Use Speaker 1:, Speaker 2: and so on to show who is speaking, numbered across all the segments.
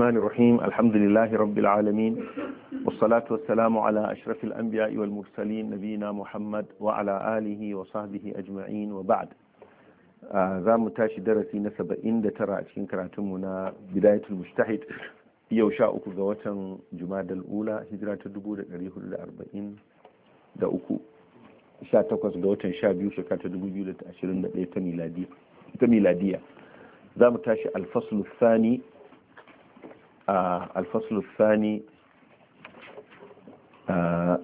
Speaker 1: الرحمن الرحيم الحمد لله رب العالمين والصلاة والسلام على أشرف الأنبياء والمرسلين نبينا محمد وعلى آله وصحبه أجمعين wa za mu tashi darasi na saba'in da tara a cikin karatunmu na bidayatul mustahid yau sha uku ga watan jumadal ula hijira dubu da ɗari hudu da arba'in da uku sha takwas ga watan sha biyu dubu biyu da ashirin da ɗaya ta miladiya za tashi alfaslu sani آه، الفصل الثاني آه،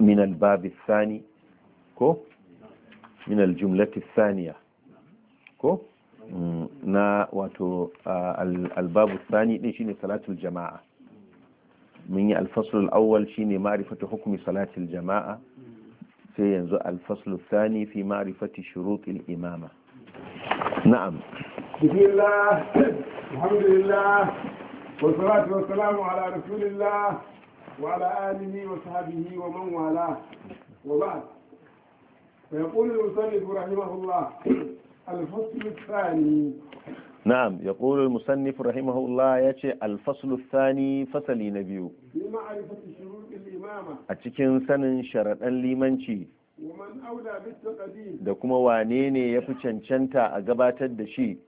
Speaker 1: من الباب الثاني كو من الجملة الثانية كو نا واتو آه، الباب الثاني دي شيني صلاة الجماعة من الفصل الأول شيني معرفة حكم صلاة الجماعة سينزو الفصل الثاني في معرفة شروط الإمامة نعم بسم
Speaker 2: الله الحمد لله والصلاة والسلام على رسول الله وعلى آله وصحبه ومن والاه وبعد فيقول المصنف رحمه الله الفصل
Speaker 1: الثاني نعم يقول المصنف رحمه الله يأتي الفصل الثاني فصل نبيو
Speaker 2: بمعرفة شروط الإمامة
Speaker 1: أتكين سن شرطا لمنشي
Speaker 2: ومن أولى بالتقديم da
Speaker 1: kuma wane ne ya fi cancanta a gabatar da shi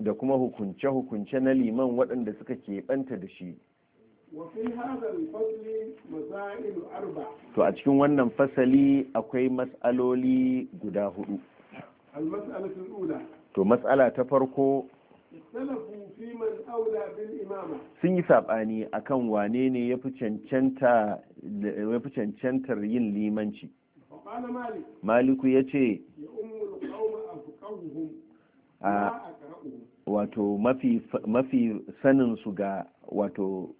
Speaker 1: da kuma hukunce-hukunce na liman waɗanda suka keɓanta da shi to a cikin wannan fasali akwai matsaloli guda hudu to matsala ta farko sun yi saɓani a kan wane ne ya fi cancantar yin limanci maliku ya ce wato mafi sanin su ga wato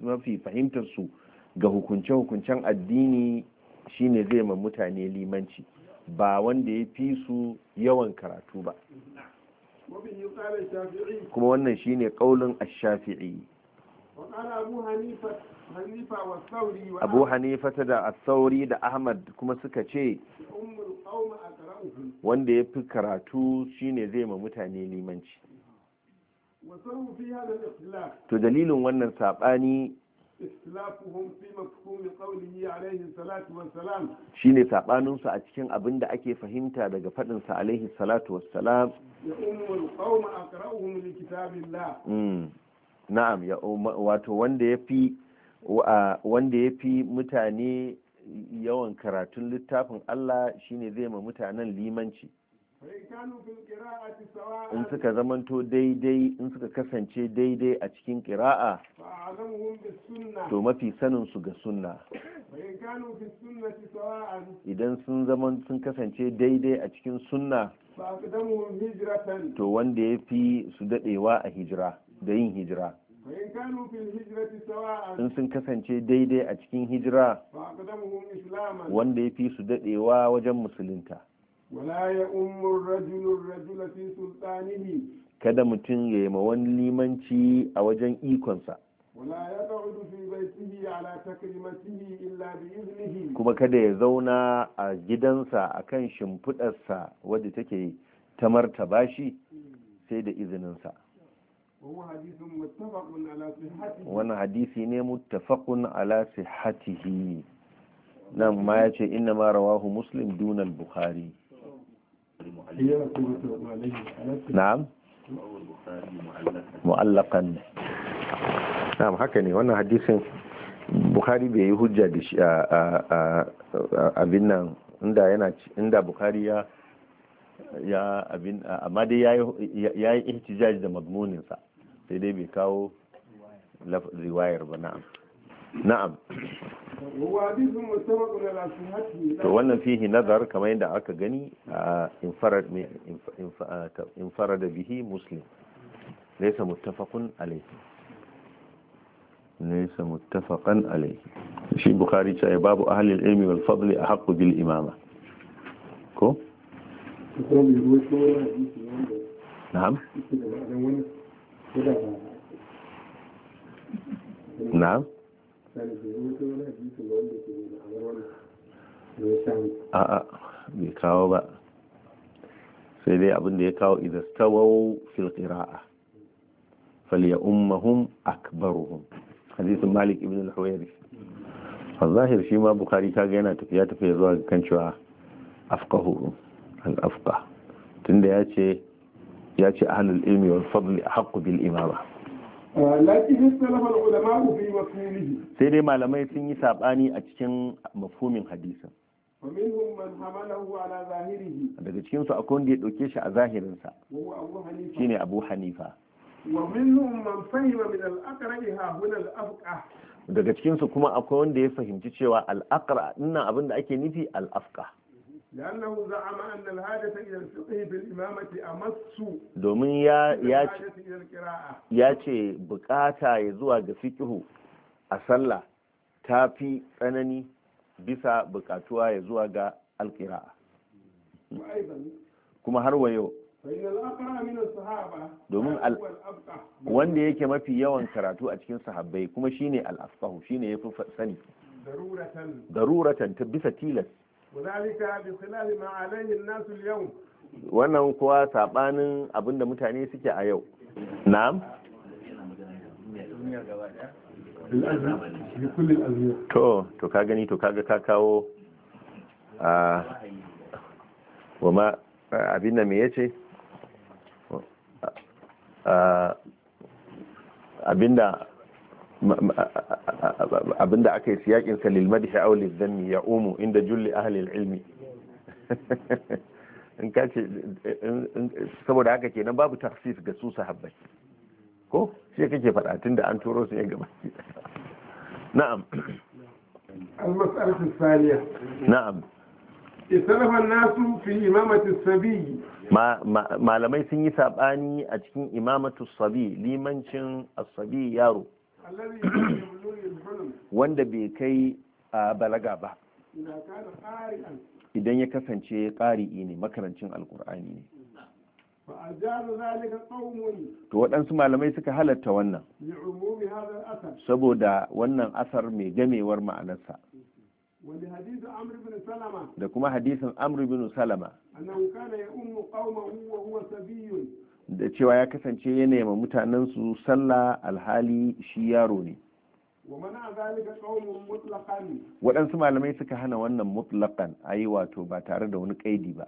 Speaker 1: mafi fahimtar su ga hukunce hukuncen addini shine zai ma mutane limanci ba wanda ya fi su yawan karatu ba kuma wannan shine kaulin ash
Speaker 2: abu hanifa
Speaker 1: da asauri da ahmad kuma suka ce wanda ya fi karatu shine zai ma mutane limanci to dalilin wannan saɓani shi ne saɓaninsu a cikin abin da ake fahimta daga faɗinsa alaihi salatu wassalam na'am ya um, wato wanda ya fi wanda ya fi mutane yawan karatun littafin Allah shine zai ma mutanen limanci in suka zamanto daidai in suka kasance daidai a cikin kira'a to mafi sanin su ga sunna idan sun zaman sun kasance daidai a cikin sunna to wanda ya fi su dadewa a hijira da yin hijira in sun kasance daidai a cikin hijira wanda ya fi su daɗewa wajen musulunta kada mutum ya yi ma wani limanci a wajen ikonsa kuma kada ya zauna a gidansa a kan shimfiɗarsa wadda take ta martaba shi sai da izininsa wani hadisi ne muttafaqun ala sihhatihi nan ma ya ce inna ma rawahu muslim duna bukhari na'am mu'allaqan na'am haka ne wannan hadisin bukhari bai yi hujja da shi abin nan inda yana inda bukhari ya ya abin amma dai ya yi ihtijaj da mazmuninsa sai dai bai kawo riwayar ba na'am na'am
Speaker 2: to wannan fihi
Speaker 1: nazar kamar yadda aka gani a infara da bihi muslim laisa muttafaqun alayhi laisa muttafaqan alayhi shi bukhari cewa babu ahlul ilmi wal fadli ahqqu bil imama ko na'am na'am a'a bai kawo ba sai dai abinda ya kawo idan stawau fil qira'a falyammahum akbaruhum hadisin malik ibn al a zahir shi ma bukari kaga yana tafiya tafiya zuwa ga kan cewa afqahuhum al-afqa tunda ya ce ya ce ahlul ilmi wal fadli haqqu bil imama sai dai malamai sun yi saɓani a cikin mafhumin hadisin daga cikinsu akwai wanda ya ɗauke shi a zahirinsa ne abu hanifa daga cikinsu kuma akwai wanda ya fahimci cewa al'akara dinnan abinda ake nufi al'afka
Speaker 2: لأنه زعم أن الحاجة إلى الفقه في الإمامة أمس
Speaker 1: دومين يا يا يا تي بقاتا يزوى فقه أصلى تافي أنني بسا بقاتوا يزوى القراءة وأيضا كما هروا يو
Speaker 2: domin wanda
Speaker 1: yake mafi yawan karatu a cikin sahabbai kuma shine al-afqahu shine yafi sani daruratan ta bisa tilas wannan kuwa saɓanin abinda mutane suke a yau na'am to to ka gani to kaga ka kawo a wama abin da me yace abinda abinda aka yi siyakinsa lilmadi haulis zanni ya umu inda julli ahalil ilmi in kace saboda haka ke nan babu tafsis ga su sahabbai ko shi kake faɗa da an turo su ya gaba na'am
Speaker 2: almasalatu saliya na'am istalafan nasu fi imamati sabi
Speaker 1: malamai sun yi sabani a cikin imamatu sabi limancin as yaro wanda bai kai a balaga ba idan ya kasance ƙari'i ne makarancin alkur'ani ne to waɗansu malamai suka halatta wannan saboda wannan asar mai gamewar ma'anarsa da kuma hadisin amr bin salama da cewa ya kasance ya nema mutanen su sallah alhali shi yaro ne waɗansu malamai suka hana wannan mutlaƙan ayi wato ba tare da wani ƙaidi ba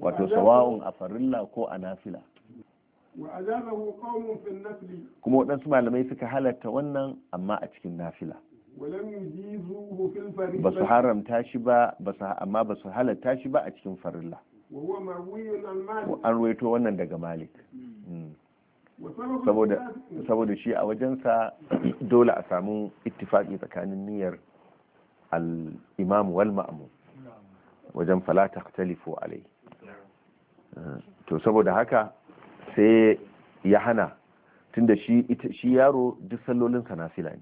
Speaker 1: wato sawa'un a farilla ko a nafila kuma waɗansu malamai suka halatta wannan amma a cikin nafila ba su haramta shi ba amma ba su halatta shi ba a cikin farilla an ruwaito wannan daga malik hmm. Hmm. saboda shi a wajensa dole a samu ittifaki tsakanin niyyar al wal ma'amu hmm. wajen falata talifo alai to saboda haka sai ya hana tunda shi yaro duk sallolinsa na ne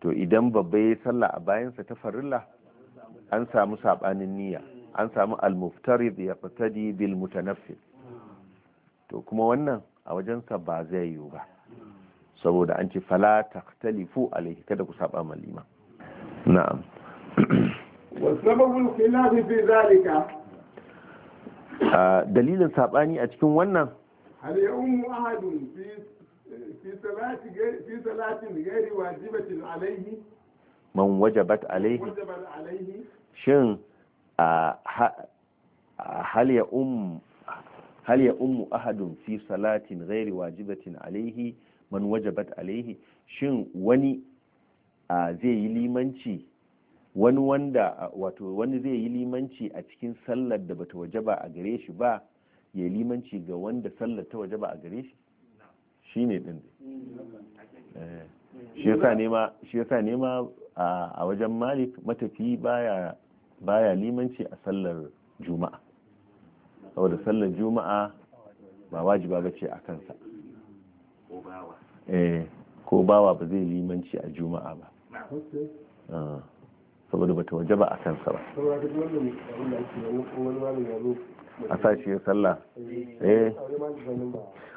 Speaker 1: to idan babba ya sallah a bayansa ta farilla an samu saɓanin niyya an samu al-muftarid yaqtadi bil mutanaffil to kuma wannan a wajensa ba zai yiwu ba saboda an ce fala taqtalifu alayhi kada ku saba ma liman na'am
Speaker 2: wasababul khilaf fi zalika
Speaker 1: dalilin sabani a cikin wannan
Speaker 2: hal umu ahadun fi fi salati fi salatin ghairi wajibatin alayhi
Speaker 1: man wajabat alayhi shin Um, hal ya ummu ahadun fi salatin ghairi wajibatin alaihi man wajabat alaihi shin wani zai yi limanci wani wanda wato wani zai yi limanci a cikin sallar da bata wajaba a gare shi ba ya yi limanci ga wanda sallar ta wajaba a gare shi shi ne ɗin eh. shi yasa nema a wajen malik matafi baya baya limanci a sallar juma'a saboda sallar juma'a ba wajiba ba ce a kansa eh, ko bawa ba zai limanci a juma'a ba ah, saboda bata waje ba a kansa ba a sashi ya sallah eh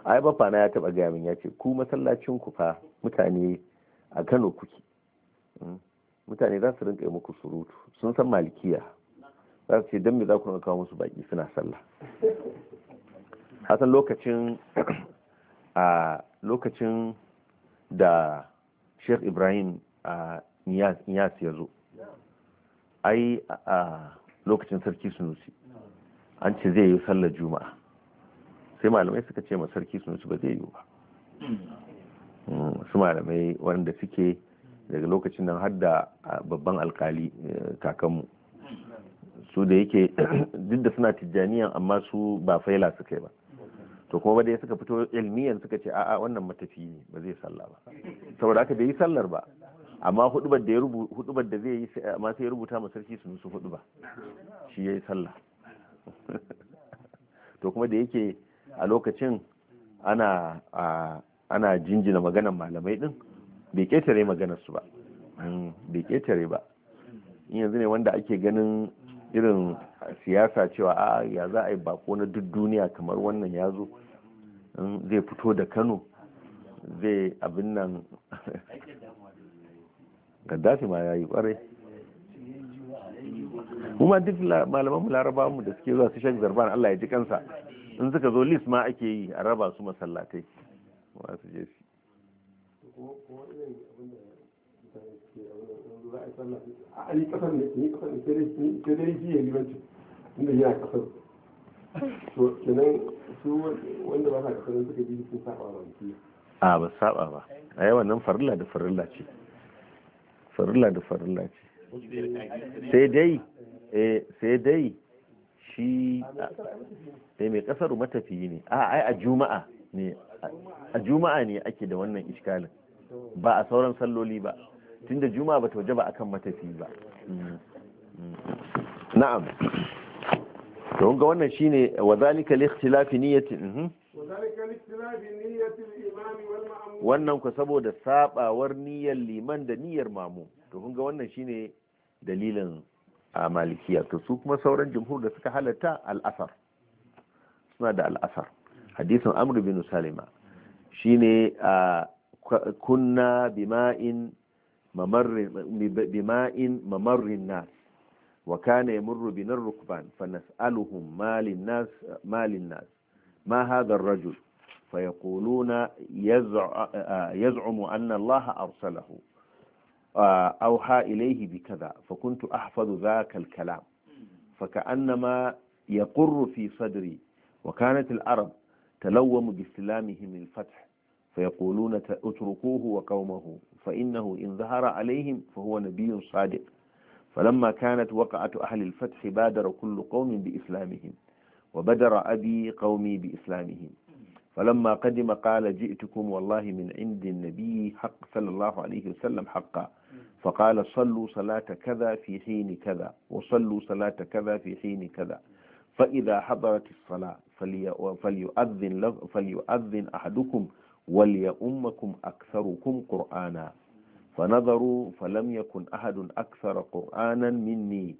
Speaker 1: ai bafa na ya taba gaya min ya ce ku masallacin ku fa mutane a Kano kuke hmm. mutane za su rinka yi muku surutu sun san malikiya za su ce don me za ku kawo musu baki suna sallah hasan lokacin a lokacin da sheikh ibrahim a niyas ya zo ai a lokacin sarki sunusi an ce zai yi sallar juma'a sai malamai suka ce ma sarki sunusi ba zai yi ba hmm, su malamai wanda suke daga lokacin nan har da babban alkali eh, kakanmu su da yake duk da suna tijjaniyan amma su ba faila su yi ba to kuma da suka fito ilmiyan suka ce a'a wannan matafi ne ba zai sallah ba saboda haka bai yi sallar ba amma hudubar da zai yi amma sai ya rubuta ma sarki su hudu ba, shi yayi sallah to kuma da yake a lokacin ana ana jinjina maganan malamai din bai ƙetare maganarsu ba hmm, bai ƙetare ba in yanzu ne wanda ake ganin irin siyasa cewa a ya za a yi bako na duk duniya kamar wannan ya zo hmm, zai fito da kano zai abin nan gaddafi ma ya yi kwarai kuma duk malamanmu laraba mu da suke zuwa su shan zarban allah ya ji kansa in suka zo list ma ake yi a raba su masallatai masu ko irin abin da
Speaker 2: mutane suke a wurin za a yi sallah a ali kasar ne ni kasar ne sai dai ji ya libanci tunda yana kasar to kenan su wanda ba sa kasar suka
Speaker 1: ji sun saba ba a ba saba ba a yawan nan farilla da farilla ce farilla da farilla ce sai dai eh, sai dai shi sai eh, mai kasar matafiyi ne a ai a juma'a ne a juma'a ne ake da wannan iskalin ba a sauran salloli ba tunda Juma ba ta waje ba kan matafi ba na'am don ga wannan shine wa zalika li ikhtilafi niyyati mhm. wannan ku saboda sabawar niyyar liman da niyyar mamu to kun ga wannan shine dalilin a malikiya to su kuma sauran jumhur da suka halatta al'asar suna da al'asar hadisin amr bin salima shine a كنا بماء ممر بماء ممر الناس وكان يمر بنا الركبان فنسألهم ما للناس ما للناس ما هذا الرجل فيقولون يزعم أن الله أرسله آه، أوحى إليه بكذا فكنت أحفظ ذاك الكلام فكأنما يقر في صدري وكانت العرب تلوم باستلامهم الفتح فيقولون اتركوه وقومه فإنه إن ظهر عليهم فهو نبي صادق فلما كانت وقعة أهل الفتح بادر كل قوم بإسلامهم وبدر أبي قومي بإسلامهم فلما قدم قال جئتكم والله من عند النبي حق صلى الله عليه وسلم حقا فقال صلوا صلاة كذا في حين كذا وصلوا صلاة كذا في حين كذا فإذا حضرت الصلاة فليؤذن, فليؤذن أحدكم وليؤمكم أكثركم قرآنا فنظروا فلم يكن أحد أكثر قرآنا مني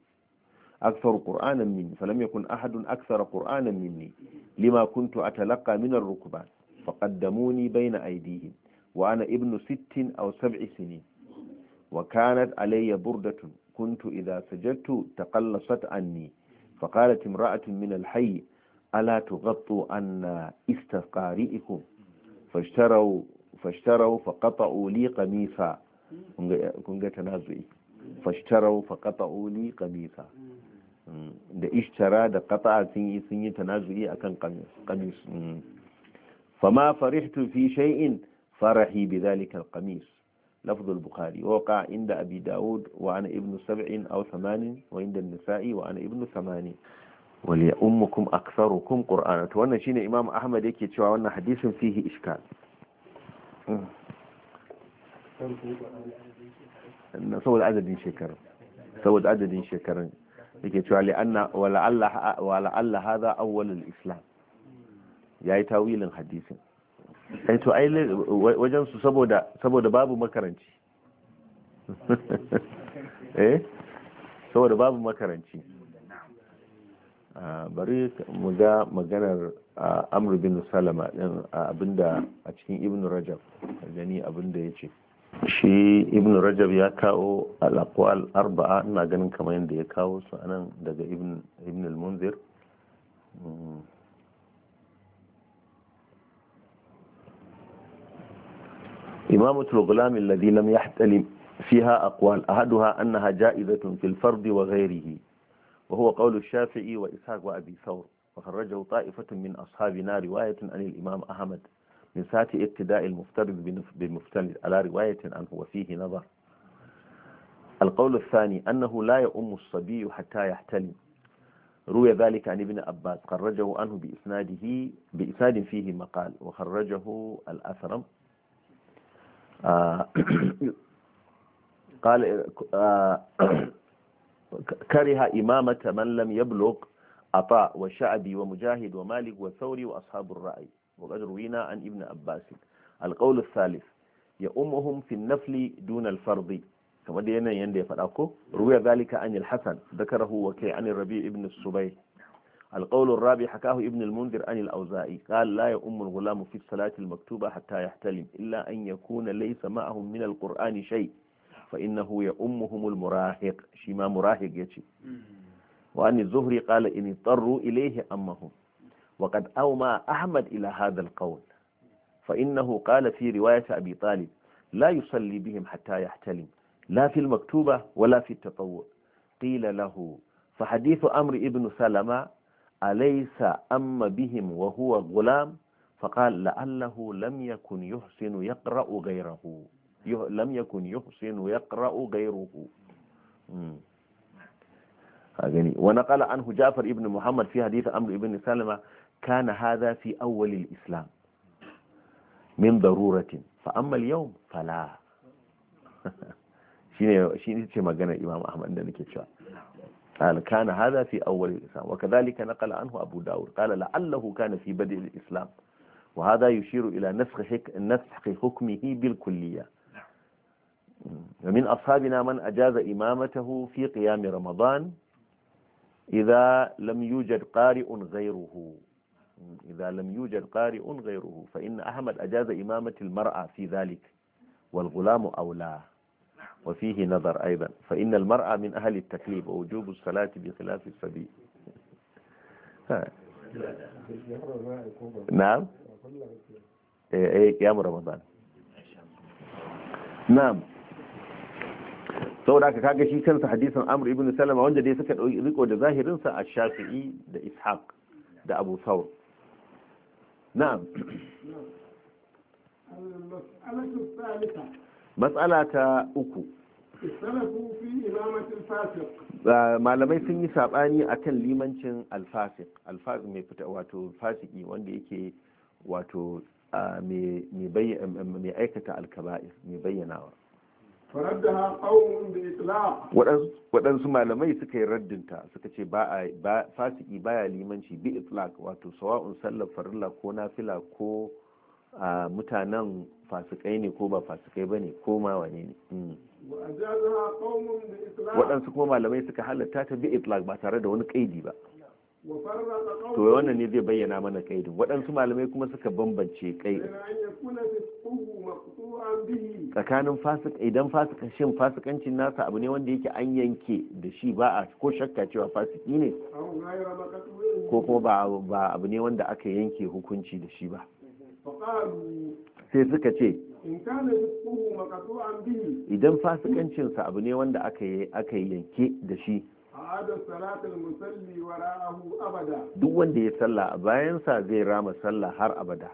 Speaker 1: أكثر قرآنا مني فلم يكن أحد أكثر قرآنا مني لما كنت أتلقى من الركبان فقدموني بين أيديهم وأنا ابن ست أو سبع سنين وكانت علي بردة كنت إذا سجدت تقلصت عني فقالت امرأة من الحي ألا تغطوا أن استقارئكم fashtarau fashtarau faqata'u li qamisa kun ga tanazu'i fashtarau faqata'u li qamisa da ishtara da qata'a sun yi sun yi tanazu'i akan qamis fama farihtu fi shay'in farahi bi dhalika al-qamis لفظ البخاري ووقع عند أبي داود وعن ابن سبع أو ثمان وعند النسائي وعن ابن ثمانين wali ummukum aktsarukum qur'ana to wannan shine imam ahmad yake cewa wannan hadisin fihi iskal saboda adadin shekaru saboda adadin shekarun yake cewa li'anna wala Allah wala Allah hadha awwal al-islam yayi tawilin hadisin sai eh to ai wajen su saboda saboda babu makaranci eh saboda babu makaranci bari mu ga maganar amr bin salama din abinda a cikin ibn rajab gani abinda ya ce shi ibn rajab ya kawo al arba'a ina ganin kamar yadda ya kawo su anan daga ibn al-munzir إمامة الغلام الذي لم يحتلم فيها أقوال أحدها أنها جائزة في الفرد وغيره وهو قول الشافعي وإسحاق وأبي ثور وخرجه طائفة من أصحابنا رواية عن الإمام أحمد من ساعة ابتداء المفترض بالمفترض على رواية عنه وفيه نظر القول الثاني أنه لا يؤم الصبي حتى يحتلم روي ذلك عن ابن أباد خرجه عنه بإسناده بإسناد فيه مقال وخرجه الأثرم آه قال آه كره إمامة من لم يبلغ عطاء وشعبي ومجاهد ومالك وثوري وأصحاب الرأي وقد روينا عن ابن عباس القول الثالث يؤمهم في النفل دون الفرض كما دينا يندي فرأكو روي ذلك عن الحسن ذكره وكي عن الربيع ابن السبيع القول الرابع حكاه ابن المنذر عن الأوزائي قال لا يؤم الغلام في الصلاة المكتوبة حتى يحتلم إلا أن يكون ليس معهم من القرآن شيء فإنه يأمهم المراهق شما مراهق يتي وأن الزهري قال إن اضطروا إليه أمهم وقد أومى أحمد إلى هذا القول فإنه قال في رواية أبي طالب لا يصلي بهم حتى يحتلم لا في المكتوبة ولا في التطوع قيل له فحديث أمر ابن سلمة أليس أم بهم وهو غلام فقال لعله لم يكن يحسن يقرأ غيره لم يكن يحسن يقرأ غيره أغني ونقل عنه جعفر ابن محمد في حديث أمر ابن سلمة كان هذا في أول الإسلام من ضرورة فأما اليوم فلا شيني شيني مجانا الإمام أحمد نكي شاء قال كان هذا في أول الإسلام وكذلك نقل عنه أبو داود قال لعله كان في بدء الإسلام وهذا يشير إلى نسخ, نسخ حكمه بالكلية ومن أصحابنا من أجاز إمامته في قيام رمضان إذا لم يوجد قارئ غيره إذا لم يوجد قارئ غيره فإن أحمد أجاز إمامة المرأة في ذلك والغلام أولى وفيه نظر أيضا فإن المرأة من أهل التكليف ووجوب الصلاة بخلاف السبيل نعم إيه،, ايه قيام رمضان نعم saboda haka kaga shi kansa hadisin amr ibn salama wanda dai suka dauki riko da zahirin sa ash-shafi'i da ishaq da abu thawr na'am mas'ala ta uku malamai sun yi sabani akan limancin alfasik alfasik mai fita wato fasiki wanda yake wato mai aikata alkaba'ir mai bayyanawa waɗansu malamai suka yi raddinta suka ce ba fasiki baya limanci bi itlaq wato sawa'un sallar farilla ko nafila ko mutanen fasikai ne ko ba fasikai ba ne ko ma wane ne hmm. waɗansu kuma malamai suka halatta ta bi itlaq ba tare da wani kaidi ba to wannan ne zai bayyana mana kaidin waɗansu malamai kuma suka bambance kai tsakanin fasik idan fasikan shin fasikancin nasa abu ne wanda yake an yanke da shi ba a ko shakka cewa fasiki ne ko kuma ba abu ne wanda aka yanke hukunci da shi ba sai suka ce idan fasikancinsa abu ne wanda aka yanke da shi duk wanda ya sallah a sa zai rama sallah har abada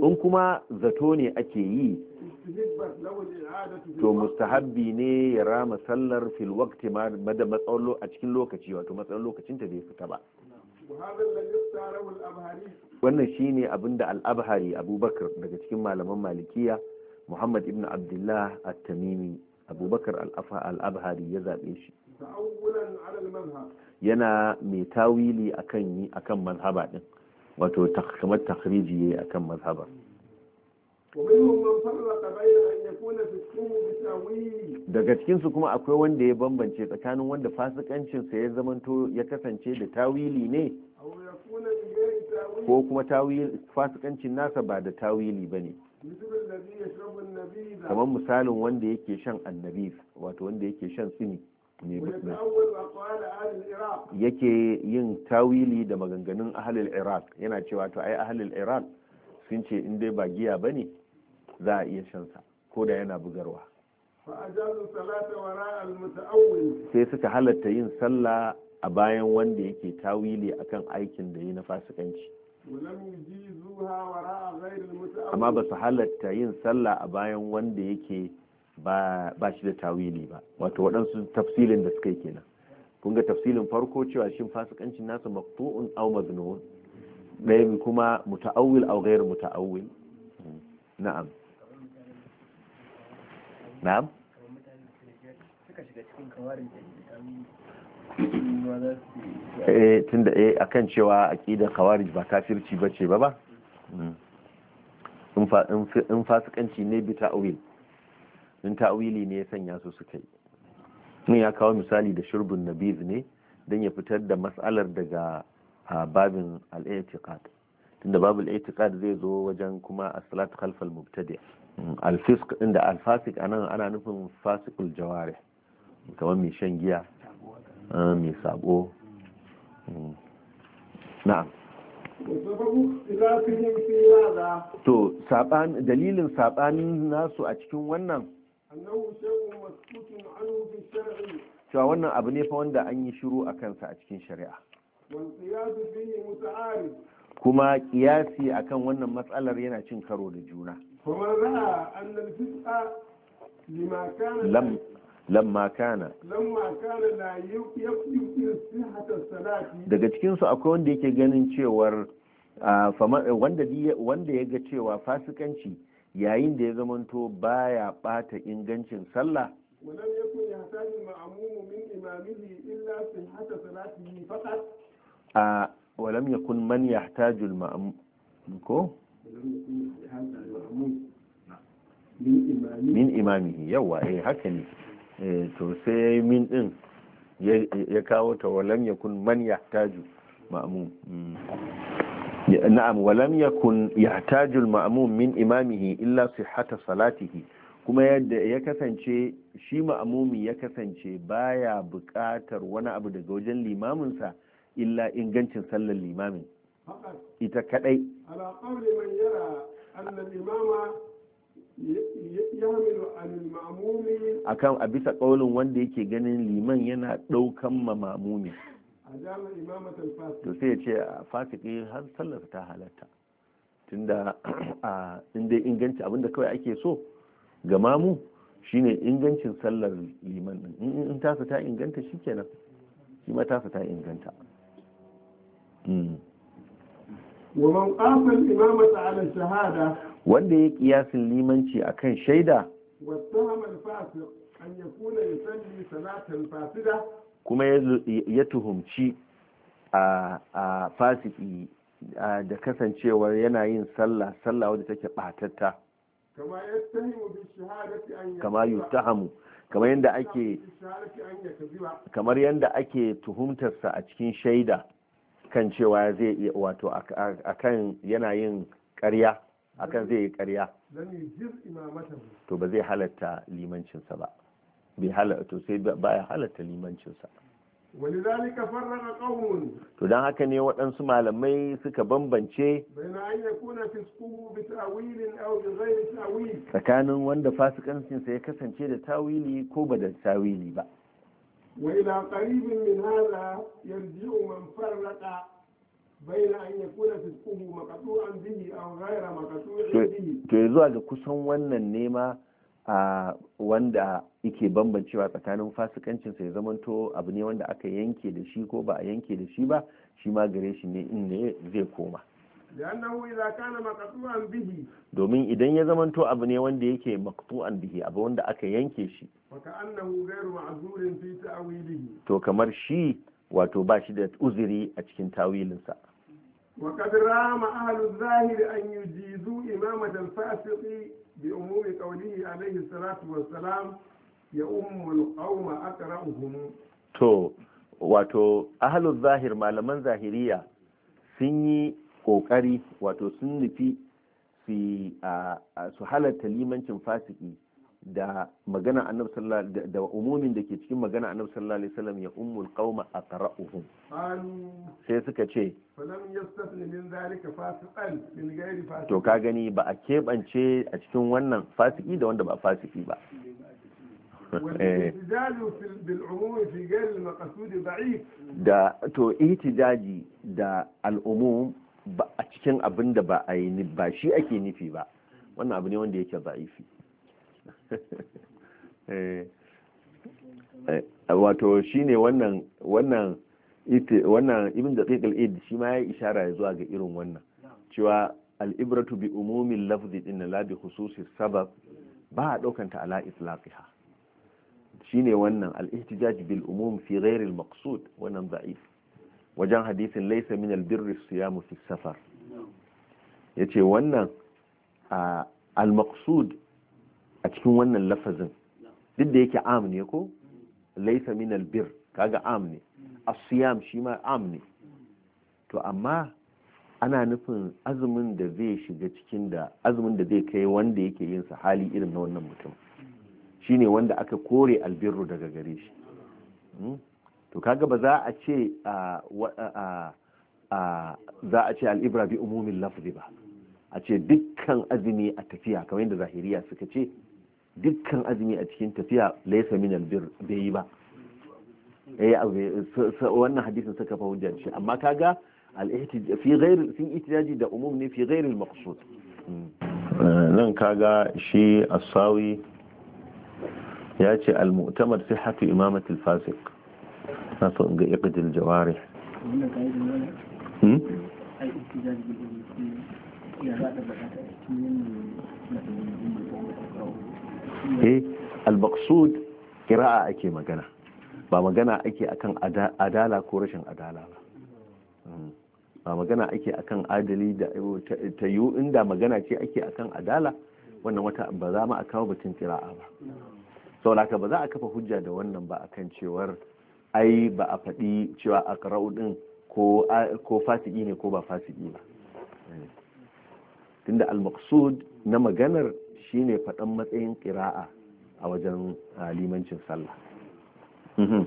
Speaker 1: in kuma zato ne ake yi to mustahabbi ne ya rama sallar fil waqti da matsawon a cikin lokaci wato matsawon lokacin ta bai fita ba wannan shine abinda al-abhari abubakar daga cikin malaman malikiya muhammad ibn abdullah at-tamimi abubakar al'abhari ya zaɓe shi yana mai tawili akan yi akan mazhaba din. wato kamar takhriji yayi akan mazhaba daga cikinsu kuma akwai wanda ya bambance tsakanin wanda fasikancinsa ya zamanto ya kasance da tawili ne ko kuma fasikancin nasa ba da tawili ba ne
Speaker 2: kamar misalin
Speaker 1: wanda yake shan annabi wato wanda yake shan tsini yake yin tawili da maganganun ahalil iraq yana cewa to ai ahalil iraq sun ce in dai ba giya ba ne za a iya shansa ko da yana bugarwa sai suka halatta yin sallah a bayan wanda yake tawili akan aikin da yi na fasikanci amma ba su halatta yin sallah a bayan wanda yake ba shi da tawili ba wato waɗansu tafsilin da suka yi kenan kun ga tafsilin farko cewa shin fasikancin nasa maqtu'un aw maznun ɗayan kuma muta'awwil aw ghayr muta'awwil na'am na'am eh tunda eh akan cewa aqidar khawarij ba kafirci bace ba ba hmm. in fasikanci ne bi ta'wil in ta'wili ne ya sanya su suka yi mun ya kawo misali da shurbin nabiz ne don ya fitar da mas'alar daga babin al-i'tiqad tunda babul i'tiqad zai zo wajen kuma as-salat khalfal mubtadi hmm. al-fisq inda al-fasik anan ana nufin fasikul jawari kamar mai shan giya Eh, mai sabo mm. na'am to dalilin saɓanin nasu a cikin wannan cewa wannan abu ne fa wanda an yi shiru a kansa a cikin shari'a kuma kiyasi akan wannan matsalar yana cin karo da juna lamma kana daga cikinsu akwai wanda yake ganin cewar wanda ya ga cewa fasikanci yayin da ya zamanto baya bata ingancin sallah a walam yakun man yahtaju al-ma'mum ko min imamihi yawa eh haka ne Eh, to sai ya yi min din ya kawo ta walam ya kun man ya taju ma'amun mm. na'am walam ya kun ya tajul ma'amun min imamihi illa su hata salatihi kuma yadda ya kasance shi ma'amumi ya kasance baya buƙatar wani abu daga wajen limaminsa illa ingancin sallar limamin ita kadai akan a bisa ƙaunin wanda yake ganin liman yana ɗaukan ma mamumi to sai ya ce a fasiki har sallar ta halatta tunda a inda inganci abinda kawai ake so ga mamu shine ingancin sallar liman ɗin in tasa ta inganta shikenan shi ma tasa ta inganta hmm.
Speaker 2: wa man qafa al-imamata ala shahada
Speaker 1: wanda ya kiyasin limanci akan shaida kuma ya tuhumci a fasiki da kasancewar yana yin sallah sallah wadda take batatta
Speaker 2: kama yuttahamu
Speaker 1: kamar yadda ake kamar yadda ake tuhumtarsa a cikin shaida kan cewa zai iya wato akan yana yin ƙarya hakan zai yi ƙarya to ba zai halatta limancinsa ba bai to sai baya halatta limancinsa
Speaker 2: ولذلك فرق قوم
Speaker 1: to dan haka ne waɗansu malamai suka bambance tsakanin wanda fasikancinsa ya kasance da tawili ko ba da tawili ba
Speaker 2: wa ila qaribin min hadha yarji'u man
Speaker 1: to zuwa ga kusan wannan nema a wanda ike bambancewa tsakanin fasikancin sai to abu ne wanda aka yanke da shi ko ba a yanke da shi ba shi ma gare shi ne in zai koma domin idan ya to abu ne wanda yake maqtu'an bihi abu wanda aka yanke shi to kamar shi wato ba shi da uziri a cikin tawilinsa
Speaker 2: وقد رام أهل الظاهر أن يجيزوا إمامة الفاسق بأمور قوله عليه الصلاة والسلام يؤم القوم أقرأهم
Speaker 1: تو wato ahalul zahir malaman zahiriya sun yi ƙoƙari wato sun nufi su halatta limancin fasiki da magana annabi sallallahu da umumin da ke cikin magana annabi sallallahu alaihi wasallam ya ummul qauma aqra'uhum sai suka ce
Speaker 2: falam yastafni min zalika fasiqan min ghairi fasiq to ka
Speaker 1: gani ba a kebance a cikin wannan fasiki da wanda ba fasiki ba eh. da to ihtijaji da al'umum a cikin abin da ba a yi ba shi ake nufi ba wannan abu ne wanda yake za'ifi Eh, eh, wato shi ne wannan wannan ibn da al-id shi ma ya ishara ya zuwa ga irin wannan cewa al bi umumin lafzi din la bi khususi sabab ba a ɗaukanta ala ala shi shine wannan al bil umum fi ghairi al-maqsud wannan da'if wajen hadisin laysa min al-birri siyamu fi safar yace wannan al-maqsud a cikin wannan lafazin duk da yake am ne ko laisa min albir kaga am ne asiyam shi ma am ne to amma ana nufin azumin da zai shiga cikin da azumin da zai kai wanda yake yin sa hali irin na wannan mutum shine wanda aka kore albirru daga gare shi hmm? to kaga ba za a ce za a ce al'ibra bi umumin lafzi ba a ce dukkan azumi a tafiya kamar yadda zahiriya suka ce dukkan azumi a cikin tafiya laisa min albir bai yi ba eh, eh wannan hadisin suka fa hujja shi amma kaga al-ihtijaj fi ghairi fi ihtijaji da umum ne fi ghairi al-maqsud hmm. eh, nan kaga shi asawi ya ce al mutamar fi hafi imamat al-fasiq na so in ga iqdil jawarih hmm? ai ihtijaj bil eh al-maqsud qira'a ake magana ba magana ake akan adala ko rashin adala ba hmm. ba magana ake akan adali da ta yiwu inda magana ce ake akan adala wannan wata ba za mu a kawo batun a ba saboda ba za a kafa hujja da wannan ba akan cewar ai ba a faɗi cewa a karau ɗin ko fasiki ne ko ba fasiki ba eh. tunda al-maqsud na maganar Shi ne faɗan matsayin ƙira'a a wajen limancin sallah mm-hmm.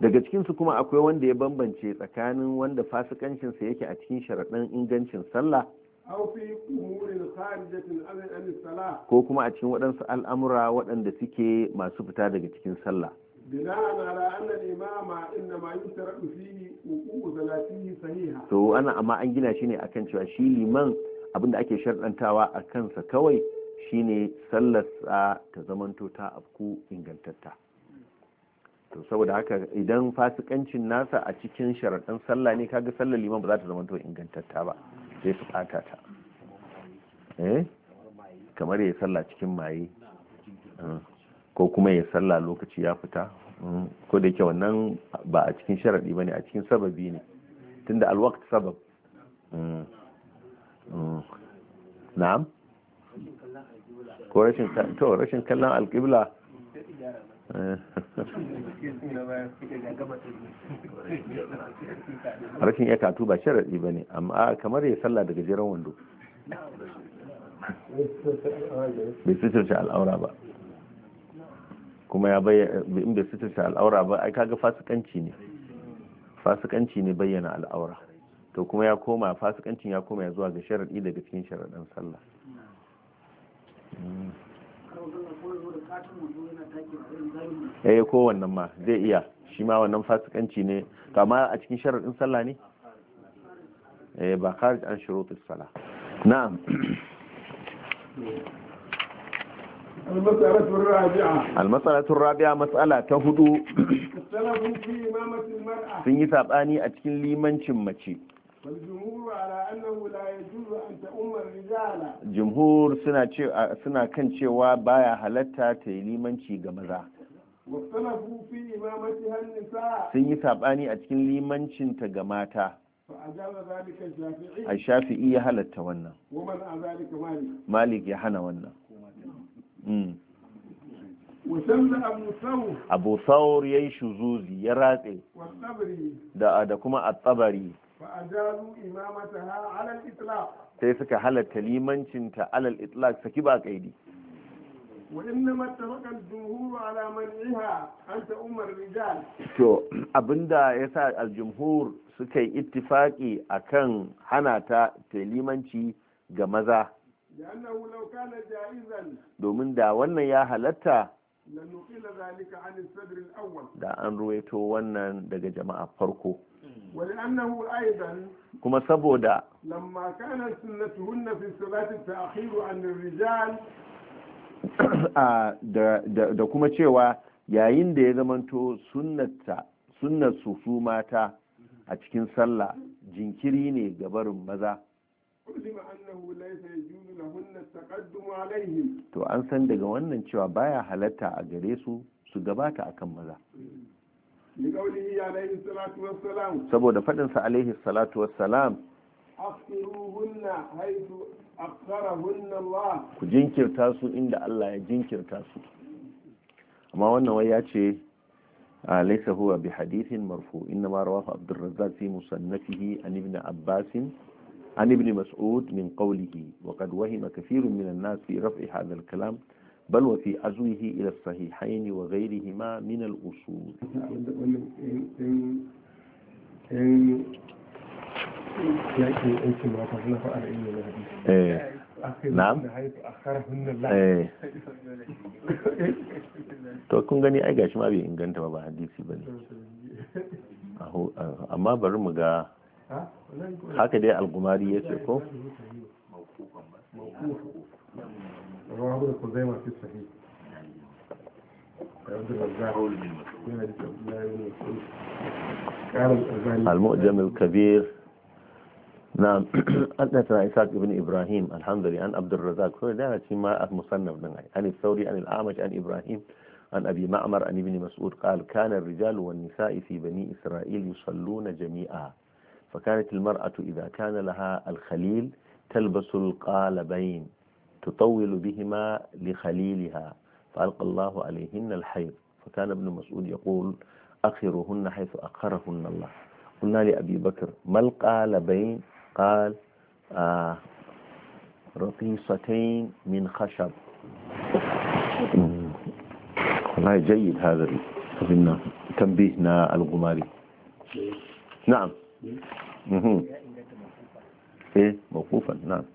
Speaker 1: daga cikinsu kuma akwai wanda ya bambance tsakanin wanda fasikancinsa yake a cikin sharaɗin ingancin sallah ko kuma a cikin waɗansu al'amura waɗanda suke masu fita daga cikin sallah
Speaker 2: بناء على أن الإمام إنما يشترط فيه وقوع صلاته صحيحة. تو أنا
Speaker 1: أما أنجنا شيني أكن شو شيلي من abinda ake sharɗantawa a kansa kawai shine sallarsa ta zamanto ta afku ingantatta to saboda haka idan fasikancin nasa a cikin sharaɗin sallah ne kaga sallar liman ba za ta zamanto ingantatta ba zai su ɓata ta eh kamar ya sallah cikin maye ko kuma ya salla lokaci ya fita mm, ko da yake wannan ba a cikin sharaɗi ba ne a cikin sababi ne tunda alwakt sabab mm, mm. na'am ko rashin kallon alƙibla eh. rashin ya katu ba sharaɗi ba ne amma kamar ya sallah daga jiran wando bai suturce al'aura ba kuma ya bayyana in bai sitirta al'aura ba ai kaga fasikanci ne fasikanci ne bayyana al'aura to kuma ya koma fasikancin ya koma ya zuwa ga sharaɗi daga cikin sharaɗin sallah ya eh, yi wannan ma zai iya shi ma wannan fasikanci ne amma a cikin sharaɗin sallah ne eh, ba kharij an shurutus sala na'am المسألة الرابعة مسألة تهدو sun yi saɓani a cikin limancin mace jumhur suna kan cewa baya halatta ta yi limanci ga maza sun yi saɓani a cikin limancinta ga mata
Speaker 2: a shafi'i ya
Speaker 1: halatta wannan malik ya hana wannan Mm. abu saur ya yi shuzuzi ya ratse da kuma a tsabari. sai suka halatta limancinta alal itlaq saki ba kaidi to abinda ya sa aljumhur suka yi ittifaki akan hana ta limanci ga maza domin da wannan ya halatta da an ruwaito wannan daga jama'a farko kuma saboda da kuma cewa yayin da ya zamanto sunnat su su mata a cikin sallah jinkiri ne ga barin maza to an san daga wannan cewa baya halatta a gare su su gabata akan maza saboda faɗinsa alaihi salatu wassalam
Speaker 2: ku jinkirta
Speaker 1: su inda Allah ya jinkirta su amma wannan wai ya ce laisa huwa bi hadithin marfu inna ma rawahu abdurrazzaq fi musannafihi an ibn abbasin عن ابن مسعود من قوله وقد وهم كثير من الناس في رفع هذا الكلام بل وفي عزوه إلى الصحيحين وغيرهما من الأصول
Speaker 2: نعم to kun gani
Speaker 1: ai gashi ma bai inganta ba ba hadisi bane amma bari mu ga haka dai al-gumari المؤجم الكبير نعم حدثنا إسحاق بن إبراهيم الحمد لله عن عبد الرزاق هو ده ما المصنف من عن الثوري عن الأعمش عن إبراهيم عن أبي معمر عن ابن مسعود قال كان الرجال والنساء في بني إسرائيل يصلون جميعا فكانت المرأة إذا كان لها الخليل تلبس القالبين تطول بهما لخليلها فألقى الله عليهن الحيض فكان ابن مسعود يقول أخرهن حيث أخرهن الله قلنا لأبي بكر ما القالبين قال آه رقيصتين من خشب والله جيد هذا تنبيهنا الغماري نعم Mhm. eh mawqufan na'am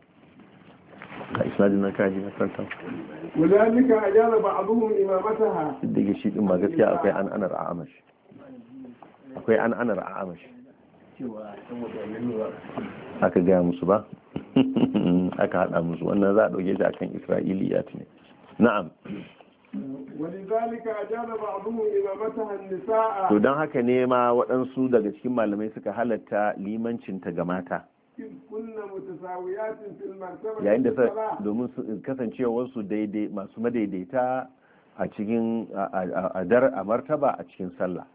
Speaker 1: ka isnadin nan kaji na kanta
Speaker 2: wadalika ajara ba'dhum
Speaker 1: imamataha siddiqi shi din ma gaskiya akwai an anar a amash akwai an anar a amash aka gaya musu ba aka hada musu wannan za a ɗauke shi akan isra'iliyat ne na'am To don haka ne ma waɗansu daga cikin malamai suka halatta limancinta ga mata. Yayin da domin kasancewarsu daidai masu madaidaita a cikin adar a martaba a cikin sallah.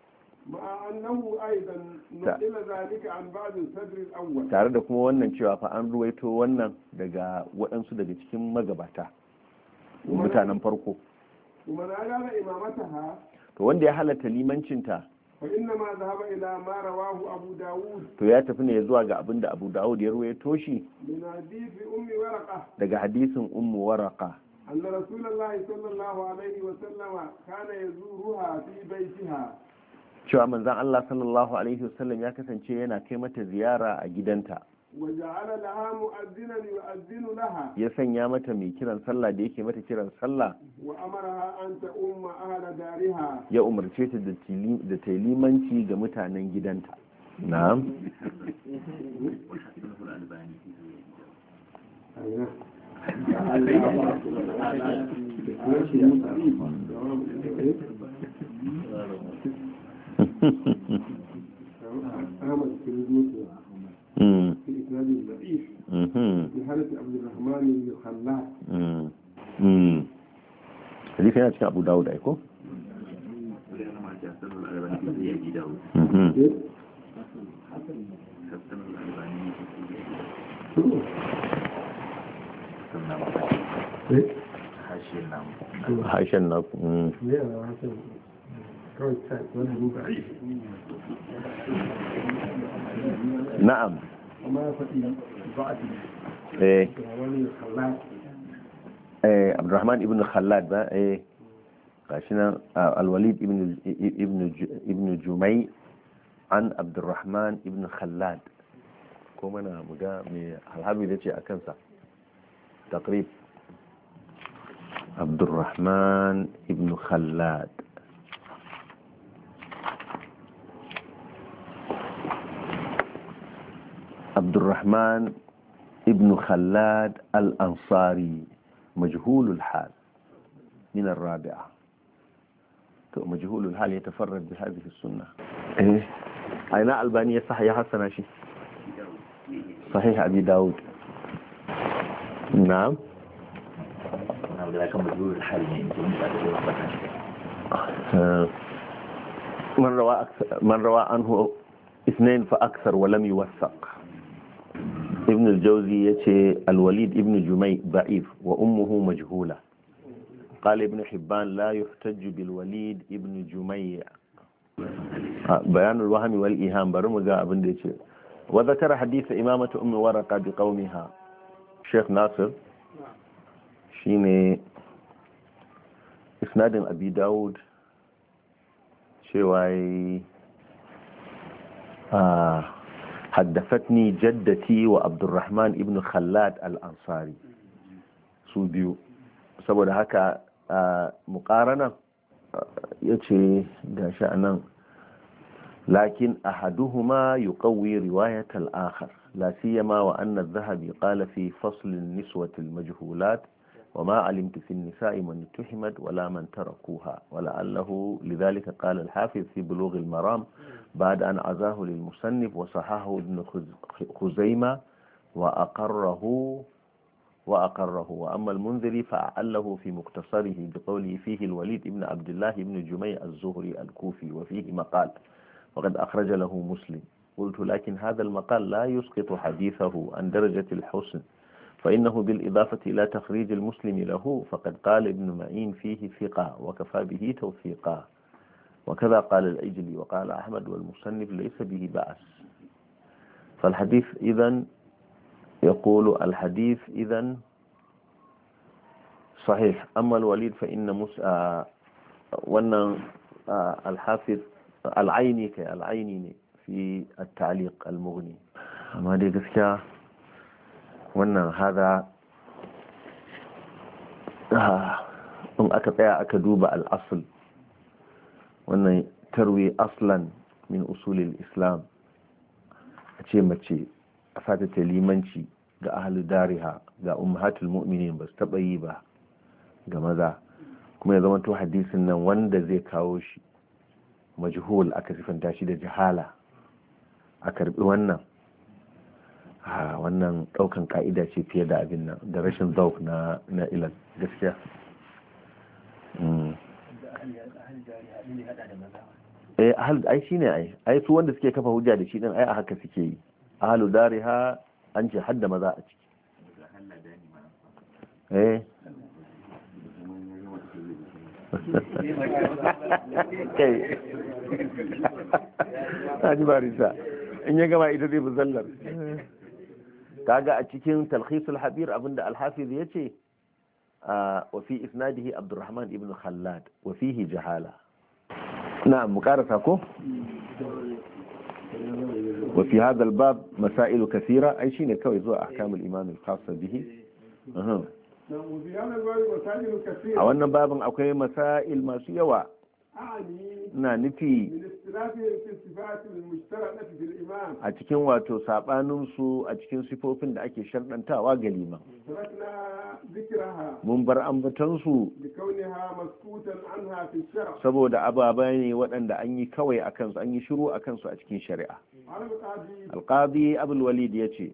Speaker 1: Tare da kuma wannan cewa fa an ruwaito wannan daga waɗansu daga cikin magabata mutanen farko. to wanda ya halatta limancinta to ya tafi ne zuwa ga abin da abu dawud ya ruwaito toshi daga hadisin ummu waraka
Speaker 2: أن رسول الله صلى الله عليه وسلم كان يزورها في
Speaker 1: cewa manzan Allah sallallahu alaihi wasallam ya kasance yana kai mata ziyara a gidanta ya sanya mata mai kiran sallah da yake mata kiran sallah ya umarce ta da ta limanci ga mutanen gidanta na'am
Speaker 2: Ahmad بإسناد ضعيف بحالة عبد
Speaker 1: الرحمن بن خلاف حديث هنا cikin Abu Dawud ai ko حاشن ناكو حاشن na'am eh. eh abdurrahman ibn khallad ba eh gashi alwalid ibn ibn ibn jumai an abdurrahman ibn khallad ko mana muga mai me alhabi da ce a kansa taqrib abdurrahman ibn khallad عبد الرحمن ابن خلاد الأنصاري مجهول الحال من الرابعة مجهول الحال يتفرد بهذه السنة إيه. أين ألبانية صحيحة سناشي صحيح أبي داود نعم من روى أكثر من روى عنه اثنين فأكثر ولم يوثق ibn al-jawzi yace Alwalid walid ibn jumai da'if wa ummuhu majhula qala ibn hibban la walid ibn jumai ah, bayanul wahmi wal iham bari mu ga abin da yace wa zakara hadith imamatu ummu waraqa bi qaumiha sheikh nasir shine isnadin Abidawud, daud cewa ah haddafatni jaddati wa abdurrahman ibnu khallad al-ansari su biyu saboda haka mukarana ya ce ga lakin ahaduhuma yuqawwi riwayat al-akhar la wa anna zahabi dhahabi faslin fi majhulat وما علمت في النساء من اتهمت ولا من تركوها ولعله لذلك قال الحافظ في بلوغ المرام بعد أن عزاه للمصنف وصححه ابن خزيمة وأقره وأقره وأما المنذري فأعله في مقتصره بقوله فيه الوليد ابن عبد الله بن جميع الزهري الكوفي وفيه مقال وقد أخرج له مسلم قلت لكن هذا المقال لا يسقط حديثه عن درجة الحسن فإنه بالإضافة إلى تخريج المسلم له فقد قال ابن معين فيه ثقة وكفى به توثيقا وكذا قال الأجلي وقال أحمد والمصنف ليس به بأس فالحديث إذا يقول الحديث إذا صحيح أما الوليد فإن مس آه، وأن آه، الحافظ العيني كالعيني في التعليق المغني ما دي قفشة wannan hada ah, in aka tsaya aka duba al'asul wannan tarwe aslan min usulil islam a ce mace a sata ta limanci ga ahalu dariha ga ummahatul mu'minin ba su taɓa yi ba ga maza kuma ya zamanto hadisin nan wanda zai kawo shi majhul aka sifanta shi da jihala a karɓi wannan a wannan daukan ka'ida ce fiye da abin nan da rashin zauk na na ilal gaskiya mm. eh ahal ai shine ai ai su wanda suke kafa hujja da shi din ai a haka suke yi ahlu dariha an ce hadda maza a ciki eh kai ta ji barisa in ya gama ita zai bi zallar kaga a cikin talhisul habir abinda alhafiz ya ce ah, wa fi isnadihi abdurrahman ibn khallad wa fihi jahala na mu karasa ko wa fi hadha albab masailu kathira ai shine kawai zuwa ahkamul iman al-khassa bihi a wannan babin akwai masail masu yawa
Speaker 2: na nufi
Speaker 1: a cikin wato saɓaninsu a cikin sifofin da ake sharɗantawa ga liman mun bar ambatansu saboda ababa ne waɗanda an yi kawai a kansu an yi shiru a kansu a cikin shari'a alƙadi abulwalid ya ce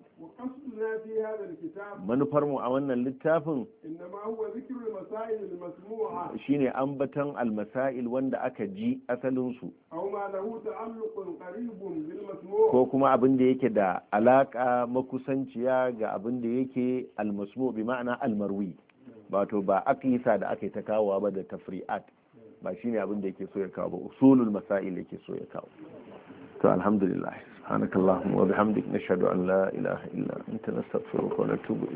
Speaker 1: manufar mu a wannan littafin shine ambatan almasail wanda aka ji asalinsu ko kuma abin da yake da alaka makusanciya ga abin da yake almasmu bi ma'ana almarwi wato ba sa da aka yi ta kawowa ba da tafri'at ba shine abin da yake so ya kawo ba usulul masail yake so ya kawo to alhamdulillah سبحانك اللهم وبحمدك نشهد أن لا إله إلا أنت نستغفرك ونتوب